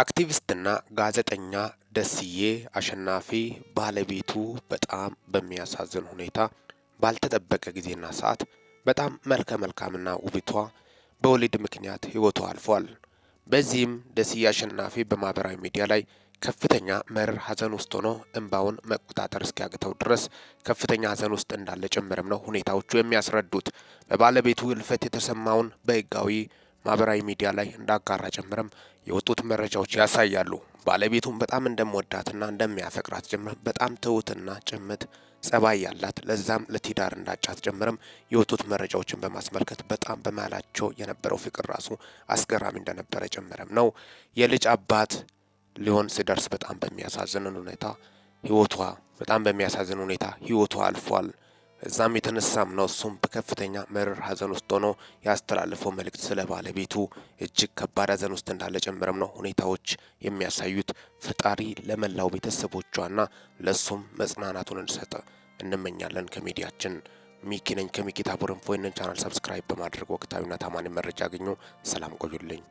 አክቲቪስትና ጋዜጠኛ ደስዬ አሸናፊ ባለቤቱ በጣም በሚያሳዝን ሁኔታ ባልተጠበቀ ጊዜና ሰዓት በጣም መልከ መልካምና ውቢቷ በወሊድ ምክንያት ህይወቷ አልፏል። በዚህም ደስዬ አሸናፊ በማህበራዊ ሚዲያ ላይ ከፍተኛ መርር ሀዘን ውስጥ ሆኖ እንባውን መቆጣጠር እስኪያግተው ድረስ ከፍተኛ ሀዘን ውስጥ እንዳለ ጭምርም ነው ሁኔታዎቹ የሚያስረዱት። በባለቤቱ እልፈት የተሰማውን በህጋዊ ማህበራዊ ሚዲያ ላይ እንዳጋራ ጭምርም የወጡት መረጃዎች ያሳያሉ። ባለቤቱን በጣም እንደምወዳትና እንደሚያፈቅራት ጭምርም በጣም ትሁትና ጭምት ጸባይ ያላት ለዛም ለትዳር እንዳጫት ጭምርም የወጡት መረጃዎችን በማስመልከት በጣም በማላቸው የነበረው ፍቅር ራሱ አስገራሚ እንደነበረ ጭምርም ነው። የልጅ አባት ሊሆን ሲደርስ በጣም በሚያሳዝን ሁኔታ ህይወቷ በጣም በሚያሳዝን ሁኔታ ህይወቷ አልፏል። እዛም የተነሳም ነው እሱም በከፍተኛ መርር ሀዘን ውስጥ ሆኖ ያስተላለፈው መልእክት ስለ ባለቤቱ እጅግ ከባድ ሀዘን ውስጥ እንዳለ ጨምረም ነው ሁኔታዎች የሚያሳዩት። ፈጣሪ ለመላው ቤተሰቦቿና ለእሱም መጽናናቱን እንሰጠ እንመኛለን። ከሚዲያችን ሚኪ ነኝ ከሚኪታ ቦረንፎ። ይህንን ቻናል ሰብስክራይብ በማድረግ ወቅታዊና ታማኒ መረጃ አገኙ ሰላም ቆዩልኝ።